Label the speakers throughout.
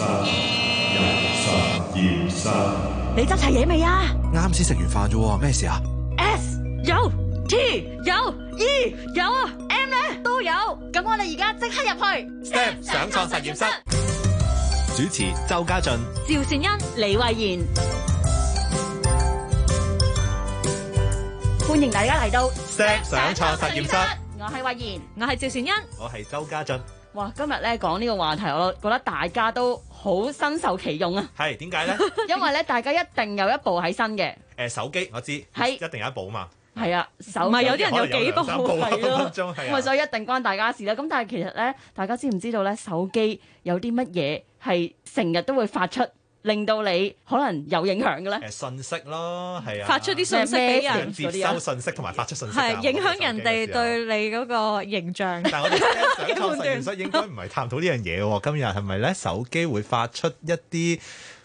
Speaker 1: 一、十、二、
Speaker 2: 十，你執齊嘢未啊？
Speaker 1: 啱先食完飯啫，咩事啊
Speaker 2: ？S 有，T 有，E 有，M 呢都有，咁我哋而家即刻入去。Step
Speaker 1: 想創實驗室，主持周家俊、
Speaker 2: 趙善恩、李慧妍，歡迎大家嚟到
Speaker 1: Step 想創實驗室。
Speaker 2: 我係慧妍，我係趙善恩，
Speaker 1: 我係周家俊。
Speaker 2: 哇，今日咧講呢個話題，我覺得大家都。好身受其用啊，係點解咧？因為咧，大家一定有一部喺身嘅。
Speaker 1: 誒，手機我知，係一定有一部啊嘛。
Speaker 2: 係啊，手唔係有啲人有幾部係咯。咁啊，所以一定關大家事啦。咁但係其實咧，大家知唔知道咧，手機有啲乜嘢係成日都會發出？令到你可能有影響嘅咧？
Speaker 1: 誒，信息咯，係啊，發出啲信息俾人，人接收信息同埋發出信息，係影
Speaker 3: 響人哋對你嗰個形象。 但
Speaker 1: 係我哋第一場實驗室應該唔係探討呢樣嘢喎，今日係咪咧？手機會發出一啲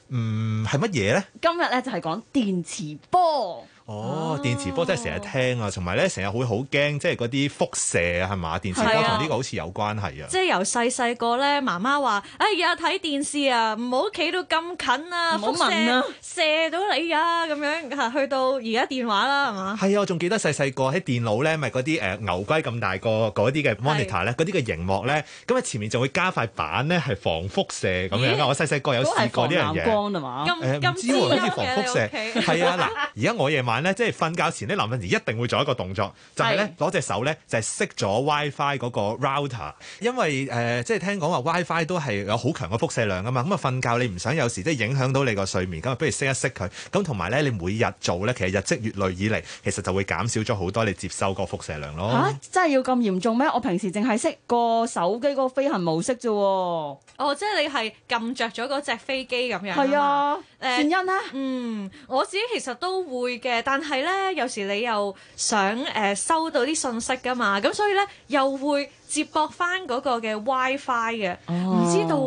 Speaker 1: 嗯，係乜嘢咧？呢，
Speaker 2: 今日咧就係、是、講電磁波。
Speaker 1: 哦，電磁波真係成日聽啊，同埋咧成日會好驚，即係嗰啲輻射啊，係嘛？電磁波同呢個好似有關係啊！啊即
Speaker 2: 係由細
Speaker 3: 細個咧，媽媽話：哎呀，睇電視啊，唔好企到咁近啊，好、啊、輻射，射射到你啊！」咁樣去到而家電話啦，
Speaker 1: 係嘛？係啊，我仲記得細細個喺電腦咧，咪嗰啲誒牛龜咁大個嗰啲嘅 monitor 咧是，嗰啲嘅熒幕咧，咁啊前面就會加塊板咧係防輻射咁樣。我細細個有試過呢樣嘢。光
Speaker 2: 係嘛？金唔知好似防輻射。係啊，
Speaker 1: 嗱，而家我夜晚。即係瞓覺前咧，臨瞓前一定會做一個動作，就係咧攞隻手咧就係、是、熄咗 WiFi 嗰個 router，因為誒、呃、即係聽講話 WiFi 都係有好強嘅輻射量㗎嘛，咁啊瞓覺你唔想有時即係影響到你個睡眠咁啊、嗯，不如熄一熄佢。咁同埋咧，你每日做咧，其實日積月累以嚟，其實就會減少咗好多你接收個輻射量咯。嚇、
Speaker 2: 啊！真係要咁嚴重咩？我平時淨係熄個手機嗰個飛行模式啫
Speaker 3: 喎。哦，即係你係撳着咗嗰隻飛機咁樣。
Speaker 2: 係啊。誒，善恩、呃、嗯，
Speaker 3: 我自己其實都會嘅。但係咧，有時你又想誒、呃、收到啲信息㗎嘛，咁所以咧又會接駁翻嗰個嘅 WiFi 嘅。唔知道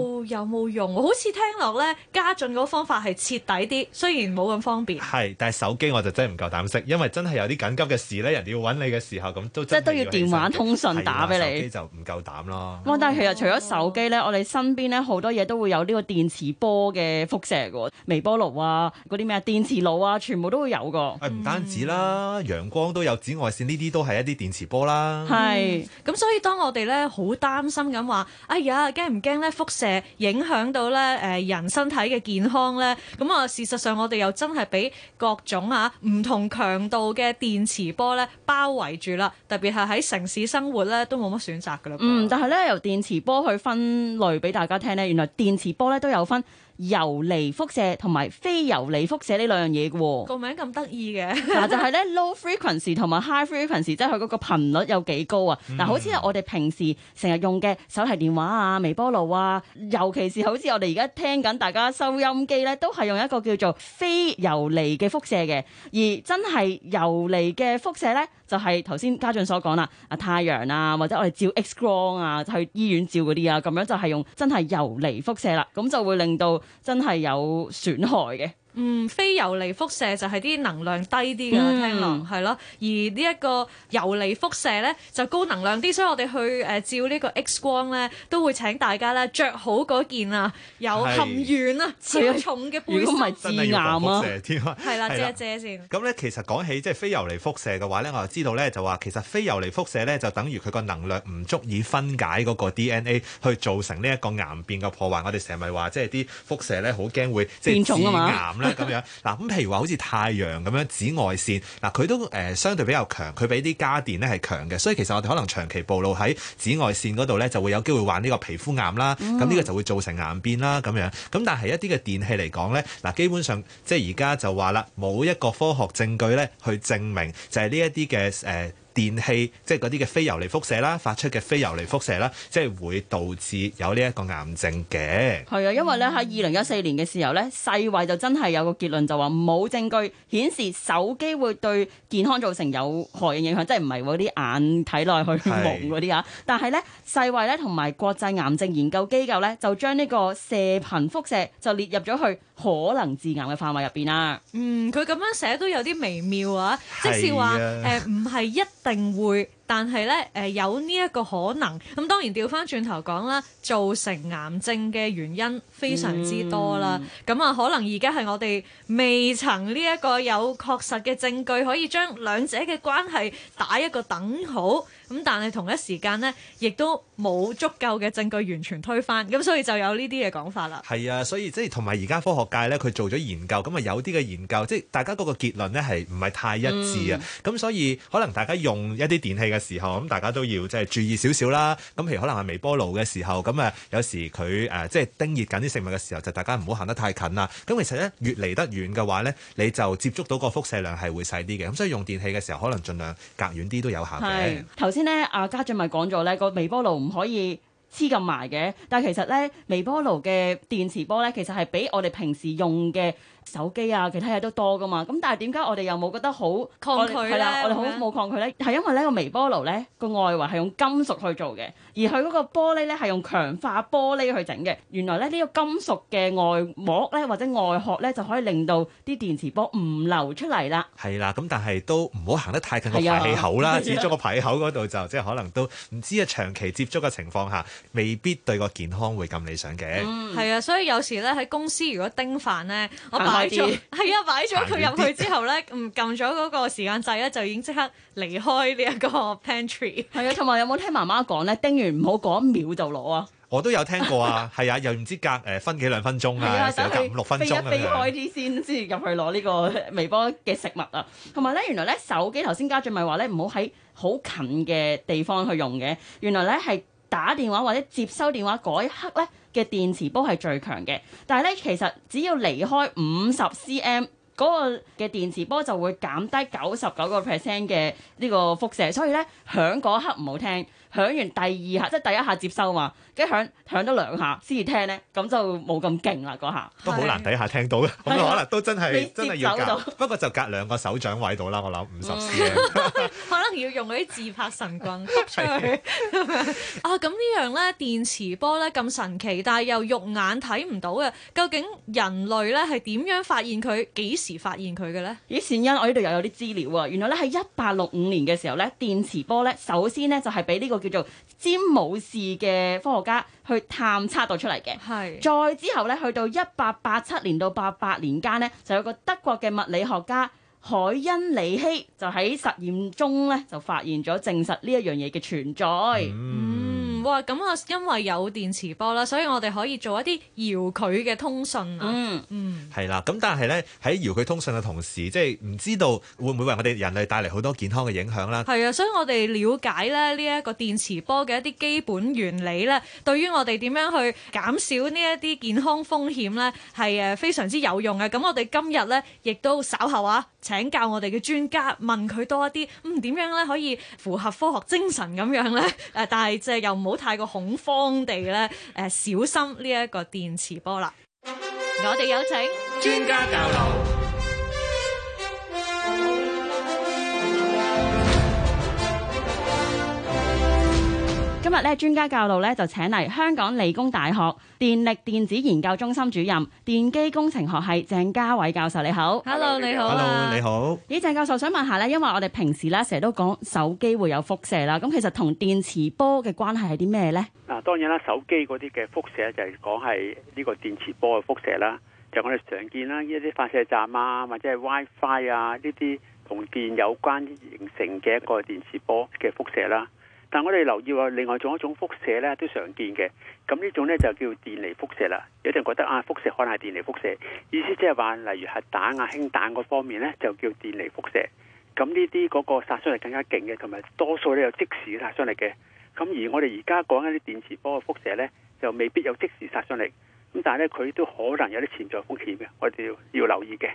Speaker 3: 有冇用，好似聽落咧加進嗰個方法係徹底啲，雖然冇咁方便。
Speaker 1: 係，但係手機我就真係唔夠膽識，因為真係有啲緊急嘅事咧，人哋要搵你嘅時候咁都即係都要電話通訊打俾你，手機就唔夠膽
Speaker 2: 咯。但係其實除咗手機咧，我哋身邊咧好多嘢都會有呢個電磁波嘅輻射，微波爐啊，嗰啲咩啊，電磁爐啊，全部都會有個。唔、嗯、單止
Speaker 1: 啦，陽光都有紫外線，呢啲都係一啲電磁波啦。係是，
Speaker 2: 咁、嗯、所以當我哋咧好擔心咁話，哎
Speaker 3: 呀，驚唔驚咧？輻射影響到咧誒，人身體嘅健康咧，咁啊事實上我哋又真係俾各種吓唔同強度嘅電磁波咧包圍住啦，特別係喺城市生活咧都冇乜選擇噶啦。嗯，
Speaker 2: 但係咧由電磁波去分類俾大家聽咧，原來電磁波咧都有分。游離輻射同埋非游離輻射呢兩樣嘢嘅個
Speaker 3: 名咁得意嘅嗱，就係、是、
Speaker 2: 咧 low frequency 同埋 high frequency，即係佢嗰個頻率有幾高啊嗱、嗯啊，好似我哋平時成日用嘅手提電話啊、微波爐啊，尤其是好似我哋而家聽緊大家收音機咧，都係用一個叫做非游離嘅輻射嘅，而真係游離嘅輻射咧，就係頭先家俊所講啦，啊太陽啊，或者我哋照 X 光啊，去醫院照嗰啲啊，咁樣就係用真係游離輻射啦，咁就會令到。真係有損害嘅。
Speaker 3: 嗯，非游離輻射就係啲能量低啲嘅、嗯、聽落，係咯。而呢一個游離輻射咧就高能量啲，所以我哋去誒、呃、照呢個 X 光咧，都會請大家咧着好嗰件啊是有含鉛啊超、啊、重嘅杯，背心致癌啊。如果唔係真係要防輻射
Speaker 1: 添啊。係啦，遮一遮先。咁咧其實講起即係非游離輻射嘅話咧，我就知道咧就話其實非游離輻射咧就等於佢個能量唔足以分解嗰個 DNA 去造成呢一個癌變嘅破壞。我哋成日咪話即係啲輻射咧好驚會即係致癌咧。咁樣嗱，咁譬 如話好似太陽咁樣紫外線，嗱佢都誒、呃、相對比較強，佢比啲家電咧係強嘅，所以其實我哋可能長期暴露喺紫外線嗰度咧，就會有機會患呢個皮膚癌啦。咁呢個就會造成癌變啦咁樣。咁但係一啲嘅電器嚟講咧，嗱基本上即係而家就話啦，冇一個科學證據咧去證明就係呢一啲嘅誒。呃電器即係嗰啲嘅非游離輻射啦，發出嘅非游離輻射啦，即係會導致有呢一個癌症嘅。
Speaker 2: 係啊，因為咧喺二零一四年嘅時候呢，世衛就真係有個結論，就話冇證據顯示手機會對健康造成有何嘅影響，即係唔係嗰啲眼體內去望嗰啲啊。但係呢，世衛咧同埋國際癌症研究機構呢，就將呢個射頻輻射就列入咗去。可能致癌嘅範圍入邊啦。嗯，
Speaker 3: 佢咁樣寫都有啲微妙啊，是啊即使、呃、是話誒唔係一定會，但係呢，誒、呃、有呢一個可能。咁當然調翻轉頭講啦，造成癌症嘅原因非常之多啦。咁、嗯、啊，可能而家係我哋未曾呢一個有確實嘅證據，可以將兩者嘅關係打一個等號。咁但係同一時間呢，亦都冇足夠嘅證據完全推翻，咁所以就有呢啲嘅講法啦。
Speaker 1: 係啊，所以即係同埋而家科學界咧，佢做咗研究，咁啊有啲嘅研究，即係大家嗰個結論咧係唔係太一致啊？咁、嗯、所以可能大家用一啲電器嘅時候，咁大家都要即係注意少少啦。咁譬如可能係微波爐嘅時候，咁啊有時佢誒即係叮熱緊啲食物嘅時候，就大家唔好行得太近啦。咁其實咧越離得遠嘅話咧，你就接觸到個輻射量係會細啲嘅。咁所以用電器嘅時候，可能盡量隔遠啲都有效嘅。
Speaker 2: 先咧，阿家俊咪講咗咧，個微波爐唔可以黐咁埋嘅。但係其實咧，微波爐嘅電磁波咧，其實係比我哋平時用嘅手機啊，其他嘢都多噶嘛，咁但係點解我哋又冇覺得好抗拒呢？係啦，我哋好冇抗拒呢，係因為呢個微波爐呢個外圍係用金屬去做嘅，而佢嗰個玻璃呢係用強化玻璃去整嘅。原來呢呢個金屬嘅外膜呢，或者外殼呢，就可以令到啲電磁波唔流出嚟啦。
Speaker 1: 係啦，咁但係都唔好行得太近個排氣口啦，始終個排氣口嗰度就即係可能都唔知啊長期接觸嘅情況下，未必對個健康會咁理想嘅。
Speaker 3: 係啊，所以有時呢喺公司如果叮飯呢，我。擺係啊，擺咗佢入去之後呢，唔撳咗嗰個時間掣呢，就已經即刻離開
Speaker 2: 呢一個 pantry。係啊，同埋有冇聽媽媽講呢？叮完唔好嗰一秒就攞啊！我
Speaker 1: 都有聽過啊，係啊，又唔知隔誒、呃、分幾兩分鐘啊，或者五六分鐘啊。避一避開
Speaker 2: 啲先，先入去攞呢個微波嘅食物啊。同埋呢，原來呢手機頭先家俊咪話呢，唔好喺好近嘅地方去用嘅。原來呢，係打電話或者接收電話嗰一刻呢。嘅電磁波係最強嘅，但係咧，其實只要離開五十 cm，嗰個嘅電磁波就會減低九十九個 percent 嘅呢個輻射，所以咧，響嗰刻唔好聽。響完第二下，即係第一下接收嘛，跟住響咗兩下先至聽咧，咁就冇咁勁啦嗰下。一都好難
Speaker 1: 第一下聽到嘅，咁的 可能都真係真係要隔，不過就隔兩個手掌位度啦。我諗五十
Speaker 2: 可能要
Speaker 3: 用嗰啲自拍神棍吸出去。啊，咁呢樣咧電磁波咧咁神奇，但係又肉眼睇唔到嘅，究竟人類咧係點樣發現佢？
Speaker 2: 幾時發現佢嘅咧？咦，善因我呢度又有啲資料啊，原來咧喺一八六五年嘅時候咧，電磁波咧首先咧就係俾呢個叫。叫做詹姆士嘅科學家去探測到出嚟嘅。係是再之後咧，去到一八八七年到八八年間呢，就有個德國嘅物理學家海恩里希就喺實驗中咧就發現咗證實呢一樣嘢嘅存在。嗯嗯咁啊，因為有電磁
Speaker 3: 波啦，所以我哋可以做一啲遙距嘅通訊。啊。嗯
Speaker 2: 嗯，係啦、嗯。咁但係咧，
Speaker 1: 喺遙距通訊嘅同時，即係唔知道會唔會為我哋人類帶嚟好多健康嘅影響啦。係
Speaker 3: 啊，所以我哋了解咧呢一個電磁波嘅一啲基本原理咧，對於我哋點樣去減少呢一啲健康風險咧，係誒非常之有用嘅。咁我哋今日咧亦都稍後啊請教我哋嘅專家，問佢多一啲，嗯點樣咧可以符合科學精神咁樣咧？誒，但係即係又唔好。太過恐慌地咧，誒、呃、小心呢一個電磁波啦！ 我哋有請專家教路。
Speaker 2: 今日咧專家教路咧就請嚟香港理工大學電力電子研究中心主任、電機工程學系鄭家偉教授你好。Hello，你好。Hello，你好。咦，鄭教授想問下咧，因為我哋平時咧成日都講手機會有輻射啦，咁其實同電磁波嘅關係係啲咩咧？
Speaker 4: 啊，當然啦，手機嗰啲嘅輻射就係講係呢個電磁波嘅輻射啦，就我哋常見啦，呢一啲發射站啊，或者係 WiFi 啊呢啲同電有關形成嘅一個電磁波嘅輻射啦。但我哋留意話，另外仲有一種輻射咧，都常見嘅。咁呢種咧就叫電離輻射啦。有啲人覺得啊，輻射可能係電離輻射，意思即係話，例如係核彈啊、氫彈嗰方面咧，就叫電離輻射。咁呢啲嗰個殺傷力更加勁嘅，同埋多數都有即時殺傷力嘅。咁而我哋而家講緊啲電磁波嘅輻射咧，就未必有即時殺傷力。咁但係咧，佢都可能有啲潛在風險嘅，我哋要，要留意嘅。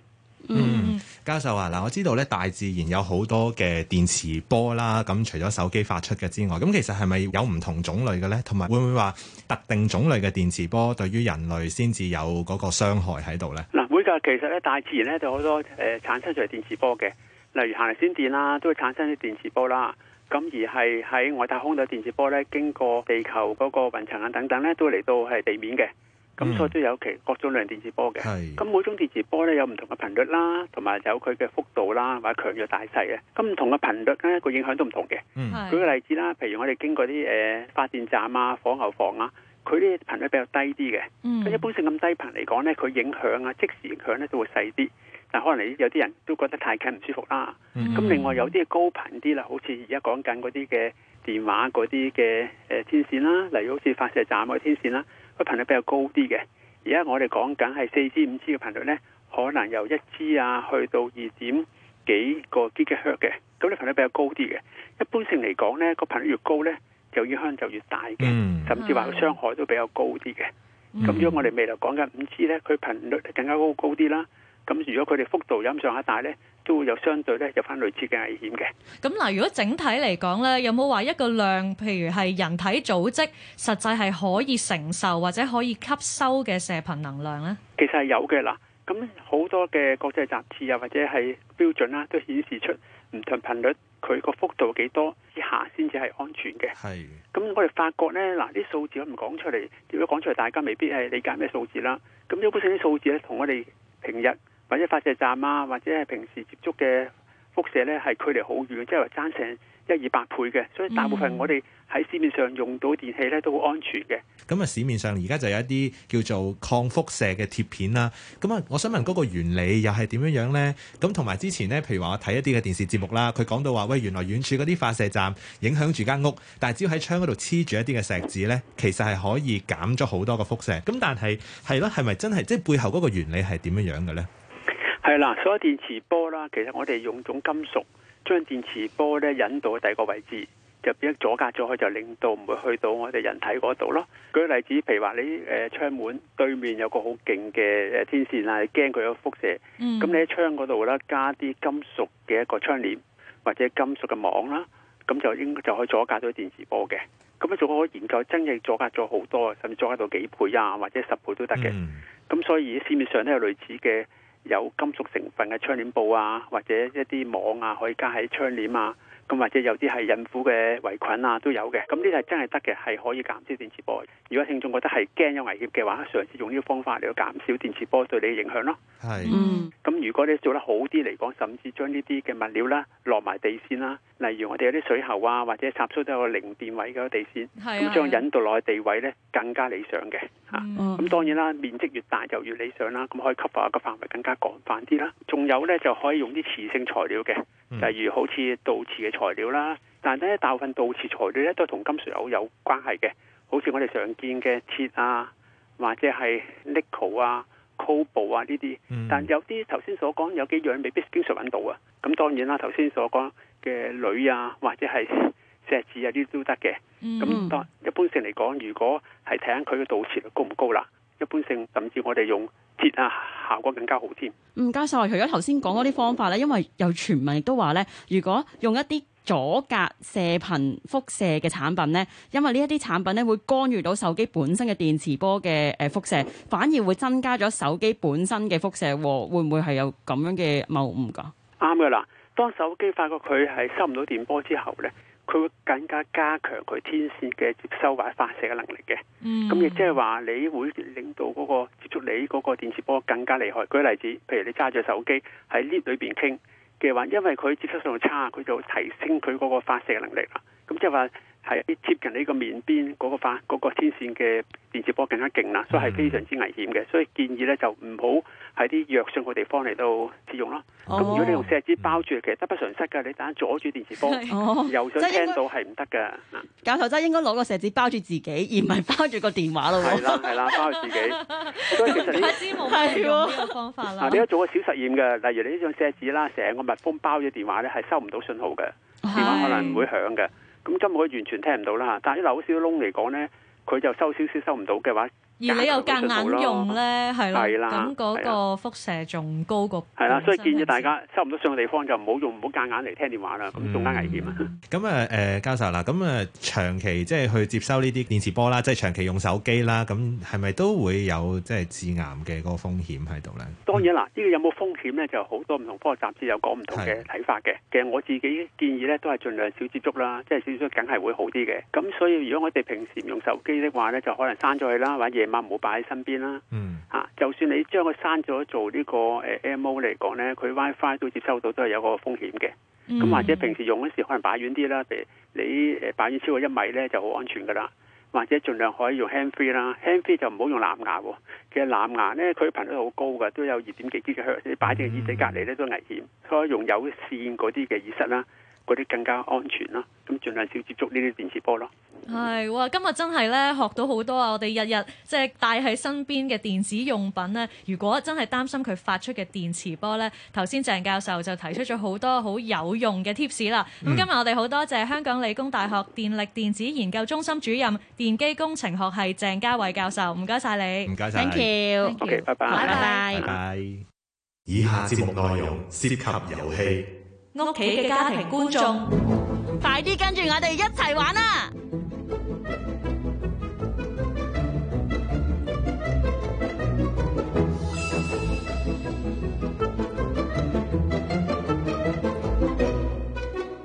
Speaker 1: 嗯。教授話：嗱，我知道咧，大自然有好多嘅電磁波啦。咁除咗手機發出嘅之外，咁其實係咪有唔同種類嘅咧？同埋會唔會話特定種類嘅電磁波對於人類先至有嗰個傷害喺度咧？
Speaker 4: 嗱，會㗎。其實咧大自然咧，就好多誒產生出嚟電磁波嘅，例如行雷閃電啦，都會產生啲電磁波啦。咁而係喺外太空度電磁波咧，經過地球嗰個雲層啊等等咧，都嚟到係地面嘅。咁、嗯、所以都有其各種量電磁波嘅。咁是每種電磁波咧有唔同嘅頻率啦，同埋有佢嘅幅度啦，或者強弱大細嘅。咁唔同嘅頻率咧，佢影響都唔同嘅。舉個是例子啦，譬如我哋經過啲誒、呃、發電站啊、火牛房啊，佢啲頻率比較低啲嘅。咁、嗯、一般性咁低頻嚟講咧，佢影響啊、即時影響咧、啊、都會細啲。但可能有啲人都覺得太近唔舒服啦。咁、嗯、另外有啲高頻啲啦，好似而家講緊嗰啲嘅電話嗰啲嘅誒天線啦、啊，例如好似發射站嗰啲天線啦、啊。個頻率比較高啲嘅，而家我哋講緊係四 G 五 G 嘅頻率咧，可能由一 G 啊去到二點幾個 GHz 嘅，咁啲頻率比較高啲嘅。一般性嚟講咧，個頻率越高咧，就影響就越大嘅，甚至話傷害都比較高啲嘅。咁如果我哋未來講緊五 G 咧，佢頻率更加高高啲啦。咁如果佢哋幅度音上下大咧，都會有相對咧有翻類似嘅危險嘅。
Speaker 3: 咁嗱，如果整體嚟講咧，有冇話一個量，譬如係人體組織實際係可以承受或者可以吸收嘅射頻能量咧？
Speaker 4: 其實係有嘅嗱。咁好多嘅國際雜誌啊，或者係標準啦，都顯示出唔同頻率佢個幅度幾多以下先至係安全嘅。係的。咁我哋發覺咧，嗱啲數字我唔講出嚟，如果講出嚟大家未必係理解咩數字啦。咁一般性啲數字咧，同我哋平日，或者發射站啊，或者係平時接觸嘅輻射咧，係距離好遠，即係話爭成一二百倍嘅。所以大部分我哋喺市面上用到嘅電器咧，都好安全嘅。
Speaker 1: 咁啊、嗯，市面上而家就有一啲叫做抗輻射嘅貼片啦。咁啊，我想問嗰個原理又係點樣樣咧？咁同埋之前咧，譬如話我睇一啲嘅電視節目啦，佢講到話，喂，原來遠處嗰啲發射站影響住間屋，但係只要喺窗嗰度黐住一啲嘅石子咧，其實係可以減咗好多個輻射。咁但係係咯，係咪真係即係背後嗰個原理係點樣樣嘅咧？
Speaker 4: 係啦，所有電磁波啦，其實我哋用種金屬將電磁波咧引到去第二個位置，就變咗阻隔咗佢，就令到唔會去到我哋人體嗰度咯。舉個例子，譬如話你誒窗門對面有個好勁嘅天線啦，驚佢有輻射，咁、嗯、你喺窗嗰度咧加啲金屬嘅一個窗簾或者金屬嘅網啦，咁就應該就可以阻隔到電磁波嘅。咁咧仲可以研究真正阻隔咗好多，甚至阻隔到幾倍啊，或者十倍都得嘅。咁、嗯、所以市面上都有類似嘅。有金屬成分嘅窗簾布啊，或者一啲網啊，可以加喺窗簾啊。咁或者有啲係孕婦嘅圍裙啊，都有嘅。咁呢啲係真係得嘅，係可以減少電磁波。如果聽眾覺得係驚有危險嘅話，嘗試用呢個方法嚟到減少電磁波對你嘅影響咯。係是，嗯，咁如果你做得好啲嚟講，甚至將呢啲嘅物料啦落埋地線啦、啊。例如我哋有啲水喉啊，或者插蘇都有個零電位嗰地線，咁、啊、將引導落去地位咧更加理想嘅。吓、嗯、咁、啊、當然啦，面積越大就越理想啦，咁可以吸附嘅範圍更加廣泛啲啦。仲有咧就可以用啲磁性材料嘅，
Speaker 2: 嗯、例如好
Speaker 4: 似導磁嘅材料啦。但係咧大部分導磁材料咧都同金屬有有關係嘅，好似我哋常見嘅鐵啊，或者係 nickel 啊、cobalt 啊呢啲。嗯、但有啲頭先所講有幾樣未必經常揾到啊。咁當然啦，頭先所講。嘅鋁啊，或者係錫紙啊，呢啲都得嘅。
Speaker 2: 咁、嗯、
Speaker 4: 一般性嚟講，如果係睇下佢嘅導熱率高唔高啦。一般性，甚至我哋用鐵啊，效果更加好添。
Speaker 2: 鄭教授，除咗頭先講嗰啲方法咧，因為有傳聞亦都話咧，如果用一啲阻隔射頻輻射嘅產品咧，因為呢一啲產品咧會干預到手機本身嘅電磁波嘅誒輻射，反而會增加咗手機本身嘅輻射，會唔會係有咁樣嘅謬誤噶？
Speaker 4: 啱噶啦。當手機發覺佢係收唔到電波之後呢，佢會更加加強佢天線嘅接收或者發射嘅能力嘅。
Speaker 2: 咁亦即係
Speaker 4: 話，你會令到嗰個接觸你嗰個電磁波更加厲害。舉例子，譬如你揸住手機喺呢里邊傾嘅話，因為佢接收信號差，佢就提升佢嗰個發射嘅能力啦。咁即係話。係貼近呢個面邊嗰個花嗰個天線嘅電磁波更加勁啦，所以係非常之危險嘅。所以建議咧就唔好喺啲弱信號嘅地方嚟到使用咯。咁如果你用錫紙包住，其實得不償失噶。你等阻住電磁波，又想聽到係唔得噶。
Speaker 2: 教授真應該攞個錫紙包住自己，而唔係包住個電話咯。係啦係啦，包
Speaker 4: 住自己。所以其實呢個方法啦。嗱，你可以做個小實驗嘅，例如你呢用錫紙啦，成個密封包咗電話咧，係收唔到信號嘅，電話可能唔會響嘅。咁真係可以完全聽唔到啦，但係啲樓少窿嚟講咧，佢就收少少收唔到嘅話，而你
Speaker 3: 又夾硬用咧，係咯？咁嗰個輻射仲高過。係啦，所以
Speaker 4: 建議大家收唔到信嘅地方就唔好用，唔好夾硬嚟聽電話啦，咁更加危險啊！
Speaker 1: 咁啊，誒教授啦，咁啊長期即係去接收呢啲電磁波啦，即係長期用手機啦，咁係咪都會有即係致癌嘅嗰個風險喺度咧？
Speaker 4: 當然啦，呢個有冇風險咧，就好多唔同科學雜誌有講唔同嘅睇法嘅。其實我自己建議咧，都係儘量少接觸啦，即係少接觸，梗係會好啲嘅。咁所以如果我哋平時唔用手機的話咧，就可能閂咗佢啦，或者夜晚。冇擺喺身邊啦，嚇、嗯！就算你將佢刪咗做個 MO 呢個誒 M O 嚟講咧，佢 WiFi 都接收到都係有個風險嘅。咁、嗯、或者平時用嗰時可能擺遠啲啦，譬如你誒擺遠超過一米咧就好安全噶啦。或者儘量可以用 hand free 啦，hand free 就唔好用藍牙喎、哦。其實藍牙咧佢頻率好高嘅，都有二點幾 G 嘅，你擺隻耳仔隔籬咧都危險，可、嗯、以用有線嗰啲嘅耳塞啦。嗰啲更加安全啦，咁儘量少接觸呢啲電磁波
Speaker 3: 咯。係哇，今日真係咧學到好多啊！我哋日日即係帶喺身邊嘅電子用品咧，如果真係擔心佢發出嘅電磁波咧，頭先鄭教授就提出咗好多好有用嘅 tips 啦。咁、嗯、今日我哋好多謝香港理工大學電力電子研究中心主任、電機工程學系鄭家偉教授，唔該晒你，唔該晒，thank you。
Speaker 1: Thank you. OK，拜拜，拜拜。以下節目內容涉及遊戲。
Speaker 2: 屋企嘅家庭觀眾， 快啲跟住我哋一齊玩啦！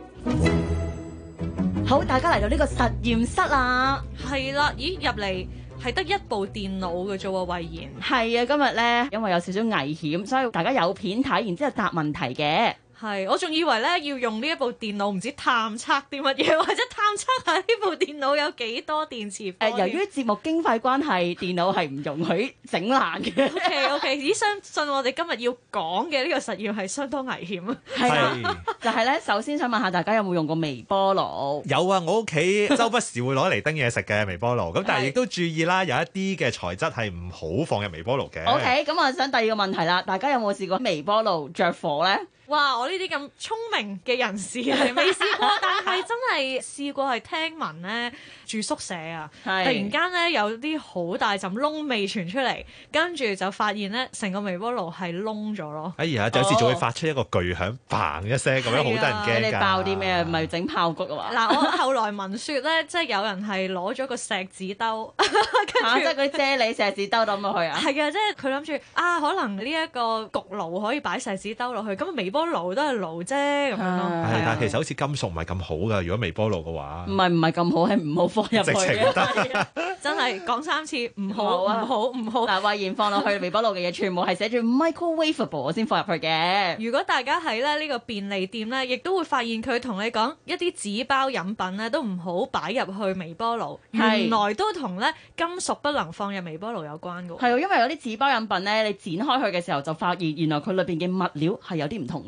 Speaker 2: 好，大家嚟到呢個實驗室啦，
Speaker 3: 係啦，咦，入嚟係得一部電腦嘅啫喎，慧賢。
Speaker 2: 係啊，今日咧，因為有少少危險，所以大家有片睇，然之後答問題嘅。
Speaker 3: 係，我仲以為咧要用呢一部電腦，唔知探測啲乜嘢，或者
Speaker 2: 探測下呢部電腦有幾多電磁。誒、呃，由於節目經費關係， 電腦係唔容許整爛
Speaker 3: 嘅。O K O K，我相信我哋今日要講嘅呢
Speaker 2: 個實驗係相當危險啊！係啊吧， 就係咧，首先想問下大家有冇用過微波爐？
Speaker 1: 有啊，我屋企周不時會攞嚟叮嘢食嘅微波爐。咁但係亦都注意啦， 有一啲嘅材質係唔好放入微波爐嘅。O K，
Speaker 2: 咁我想第二個問題啦，大家有冇試過微波爐着火咧？
Speaker 3: 哇！我呢啲咁聰明嘅人士係未試過，但係真係試過係聽聞咧住宿舍啊，是突然間咧有啲好大陣燶味傳出嚟，跟住就發現咧成個微波爐係燶咗咯。哎呀！有時仲會發
Speaker 1: 出一個巨響嘭一聲，咁、哦、樣好得人驚。你爆
Speaker 2: 啲咩？唔係整爆谷啊嘛？嗱，我後
Speaker 3: 來聞説咧，即係有人係攞咗個錫紙兜，跟住即係
Speaker 2: 佢遮你璃錫紙兜倒
Speaker 3: 落去啊。係啊，即係佢諗住啊，可能呢一個焗爐可以擺錫紙兜落去，咁微波爐都係爐啫咁樣，對對
Speaker 2: 但係
Speaker 1: 其實好似金屬唔係咁好噶。如果微波
Speaker 2: 爐嘅話，唔係唔係咁好，係唔好放入去。直 真係講三次唔好，唔好啊，唔好，唔好。 但係發現放落去微波爐嘅嘢，全部係寫住 microwaveable 先放入去嘅。如
Speaker 3: 果大家喺咧呢個便利店咧，亦都會發現佢同你講一啲紙包飲品咧，都唔好擺入去微波爐。是原來都同咧金屬不能放入微波爐有關嘅。係
Speaker 2: 啊，因為有啲紙包飲品咧，你剪開佢嘅時候就發現，原來佢裏邊嘅物料係有啲唔同。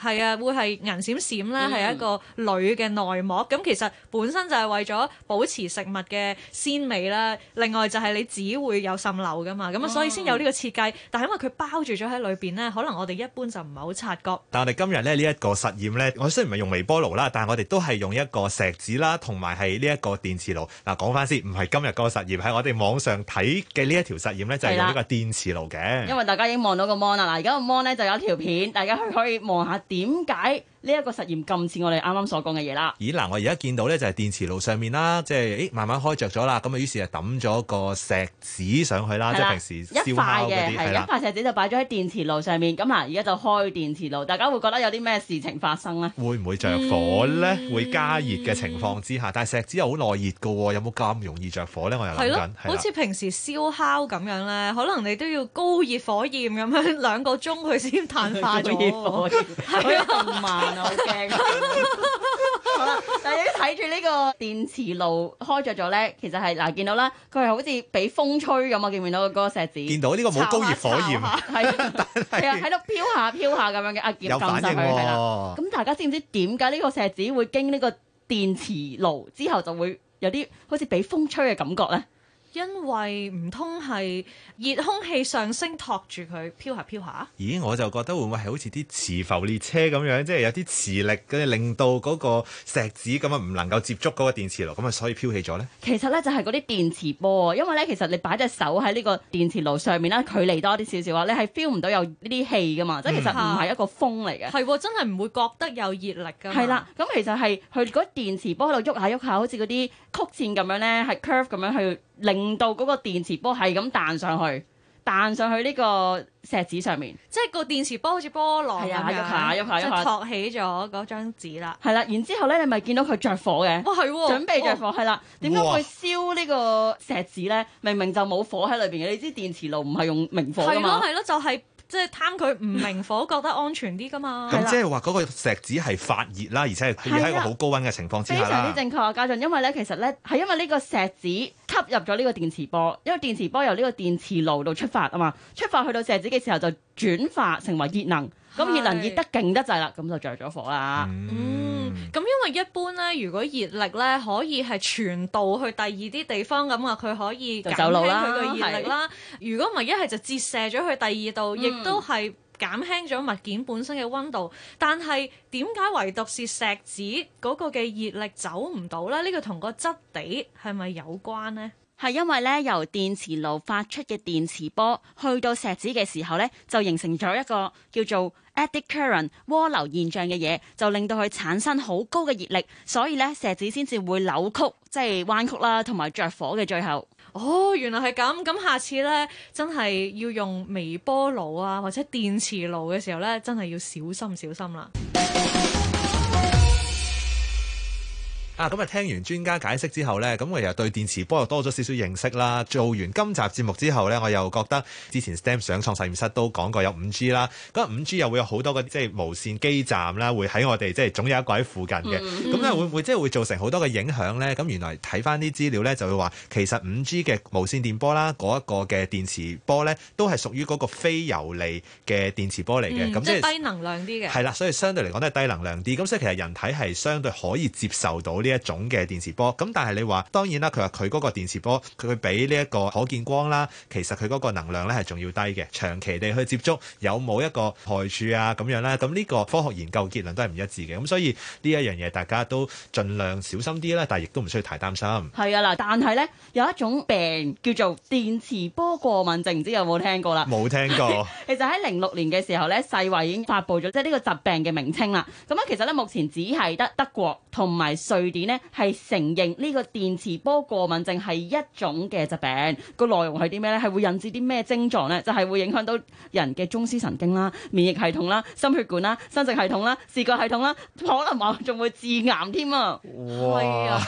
Speaker 3: 係啊，會係銀閃閃啦，係一個鋁嘅內膜。咁、嗯、其實本身就係為咗保持食物嘅鮮味啦。另外就係你只會有滲漏噶嘛，咁、哦、所以先有呢個設計。但係因為佢包住咗喺裏邊呢，可能我哋一般就唔係好察覺。
Speaker 1: 但係我哋今日咧呢一個實驗呢，我雖然唔係用微波爐啦，但係我哋都係用一個錫紙啦，同埋係呢一個電磁爐。嗱，講翻先，唔係今日個實驗，係我哋網上睇嘅呢一條實驗呢，就係、是、用呢個電磁爐嘅。因
Speaker 2: 為大家已經望到個芒啦，而家個芒呢，就有一條片，大家去可以望下。點解？呢一個實驗咁似我哋啱啱所講嘅嘢啦。
Speaker 1: 咦，嗱，我而家見到咧就係、是、電磁爐上面啦，即係誒慢慢開着咗啦，咁啊於是就抌咗個石子上去啦，的即係平時燒烤嘅，啲，係一塊
Speaker 2: 石子就擺咗喺電磁爐上面。咁啊而家就開電磁爐，大家會覺得有啲咩事情發生咧？
Speaker 1: 會唔會着火咧？嗯、會加熱嘅情況之下，但係石子又好耐熱嘅喎，哦、有冇咁容易着火咧？我又諗緊，好似
Speaker 2: 平時
Speaker 3: 燒烤咁樣咧，可能你都要高熱火焰咁樣兩個鐘佢先碳化咗，係
Speaker 2: 啊 動 我 好驚。好啦，但係已睇住呢個電磁爐開着咗咧，其實係嗱、啊，見到啦，佢係好似俾風吹咁啊！見唔見到個嗰石子？見到呢個冇高熱火焰，係啊，喺度飄下飄下咁樣嘅啊，有反應喎、哦。咁、嗯、大家知唔知點解呢個石子會經呢個電磁爐之後就會有啲好似俾風吹嘅感覺咧？
Speaker 3: 因為唔通係熱空氣上升托住佢飄下飄下？
Speaker 1: 咦，我就覺得會唔會係好似啲磁浮列車咁樣，即係有啲磁力嘅令到嗰個石子咁啊，唔能夠接觸嗰個電磁爐，咁啊所以飄起咗呢？
Speaker 2: 其實呢就係嗰啲電磁波啊，因為呢其實你擺隻手喺呢個電磁爐上面啦，距離多啲少少啊，你係 feel 唔到有呢啲氣噶嘛，即係其實唔係一個風嚟嘅。係
Speaker 3: 喎、嗯，真係唔會覺得有熱力㗎。係啦，
Speaker 2: 咁其實係佢嗰電磁波喺度喐下喐下，好似嗰啲曲線咁樣呢，係 curve 咁樣去。令到嗰個電磁波係咁彈上去，彈上去呢個石紙上面，即係個電磁波好似波
Speaker 3: 浪咁樣，一拍一拍托起咗嗰張紙啦。
Speaker 2: 係啦，然之後咧，你咪見到佢着火嘅。哇、哦，係喎，準備著火係啦。點解會燒呢個石紙咧？哇明明就冇火喺裏邊嘅。你知電磁爐唔係用明火㗎嘛？係咯係咯，就係、是。即係貪佢唔明火，覺得安全啲噶嘛？咁即係
Speaker 1: 話嗰個石子係發熱啦，而且係喺一個好高温嘅情況之下啦。非常
Speaker 2: 之正確，家俊，因為咧其實咧係因為呢個石子吸入咗呢個電磁波，因為電磁波由呢個電磁爐度出發啊嘛，出發去到石子嘅時候就轉化成為熱能，咁熱能熱得勁得滯啦，咁就着咗火啦。嗯嗯
Speaker 3: 咁、嗯、因為一般咧，如果熱力咧可以係傳導去第二啲地方咁啊，佢可以減輕佢嘅熱力啦。如果唔係，一係就折射咗去第二度，嗯、亦都係減輕咗物件本身嘅温度。但係點解唯獨是石子嗰個嘅熱力走唔到咧？呢、呢個同個質地係咪有關呢？
Speaker 2: 係因為咧，由電磁爐發出嘅電磁波去到石子嘅時候咧，就形成咗一個叫做 eddy current 渦流現象嘅嘢，就令到佢產生好高嘅熱力，所以咧，石子先至會扭曲，即係彎曲啦，同埋着火嘅最後。哦，原來係咁，
Speaker 3: 咁下次咧真係要用微波爐啊，或者電磁爐嘅時候咧，真係要小心小心啦。
Speaker 1: 啊，咁啊，聽完專家解釋之後咧，咁我又對電磁波又多咗少少認識啦。做完今集節目之後咧，我又覺得之前 STEM 想創實驗室都講過有五 G 啦。咁五 G 又會有好多嘅，即係無線基站啦，會喺我哋即係總有一個喺附近嘅。咁咧、嗯嗯、會唔會即係會造成好多嘅影響咧？咁原來睇翻啲資料咧就會話，其實五 G 嘅無線電波啦，嗰一個嘅電磁波咧，都係屬於嗰個非游離嘅電磁波嚟嘅。咁、嗯、即係低
Speaker 3: 能量啲嘅。係啦，
Speaker 1: 所以相對嚟講都係低能量啲。咁所以其實人體係相對可以接受到呢。一種嘅電磁波，咁但係你話，當然啦，佢話佢嗰個電磁波，佢會比呢一個可見光啦，其實佢嗰個能量呢係仲要低嘅。長期地去接觸，有冇一個害處啊？咁樣咧，咁呢個科學研究結論都係唔一致嘅。咁所以呢一樣嘢，大家都盡量小心啲啦，但係亦都唔需要太擔心。
Speaker 2: 係啊啦，但係呢，有一種病叫做電磁波過敏症，唔知有冇聽過啦？冇聽過。聽過 其實喺零六年嘅時候呢，世衛已經發布咗即係呢個疾病嘅名稱啦。咁啊，其實呢，目前只係得德國同埋瑞典。咧係承認呢個電磁波過敏症係一種嘅疾病，個內容係啲咩咧？係會引致啲咩症狀咧？就係、是、會影響到人嘅中樞神經啦、免疫系統啦、心血管啦、生殖系統啦、視覺系統啦，可能話仲會致癌添哇啊！係啊，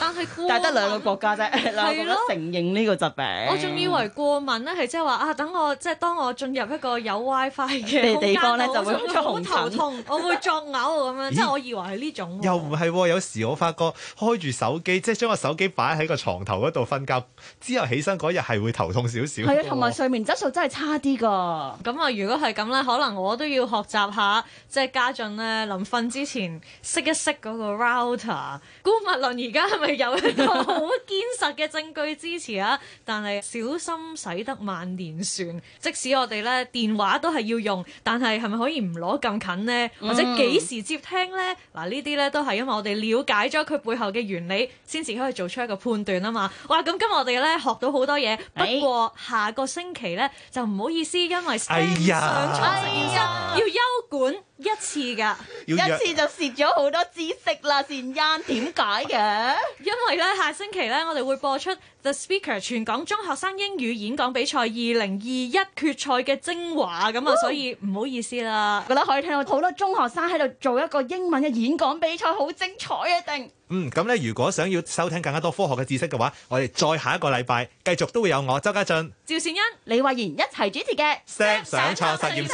Speaker 2: 但係得兩個國家啫，係咯、 啊、 承認呢個疾病。我仲以為過
Speaker 3: 敏咧係即係話啊，等我即係當我進入一個有 WiFi 嘅地方咧，就會出紅疹、好頭痛、 我會作嘔咁樣， 即係我以為係呢種、啊。又
Speaker 1: 唔係喎，有時我發覺。開住手機，即係將個手機擺喺個床頭嗰度瞓覺，之後起身嗰日係會頭痛少少。係
Speaker 3: 啊，同埋睡眠質素真係差啲噶。咁啊，如果係咁呢，可能我都要學習下，即係家俊呢臨瞓之前熄一熄嗰個 router。姑勿論而家係咪有一個好堅實嘅證據支持啊？ 但係小心駛得萬年船，即使我哋呢電話都係要用，但係係咪可以唔攞咁近呢？嗯、或者幾時接聽呢？嗱，呢啲呢都係因為我哋了解咗佢背後。嘅原理，先至可以做出一個判斷啊嘛！哇，咁今日我哋咧學到好多嘢，不過下個星期咧就唔好意思，因為班上場成績要休。管一次噶，一次就蝕咗好多知識啦！善恩，點解嘅？ 因為咧，下星期咧，我哋會播出 The Speaker 全港中學生英語演講比
Speaker 2: 賽二零二一決賽嘅精華咁啊，所以唔好意思啦，哦、覺得可以聽到好多中學生喺度做一個英文嘅演講比賽，好精彩一定
Speaker 1: 嗯，咁咧，如果想要收聽更加多科學嘅知識嘅話，我哋再下一個禮拜繼續都會有我周家俊、
Speaker 2: 趙善恩、李慧賢一齊主持嘅《聲
Speaker 1: 想創實驗室》。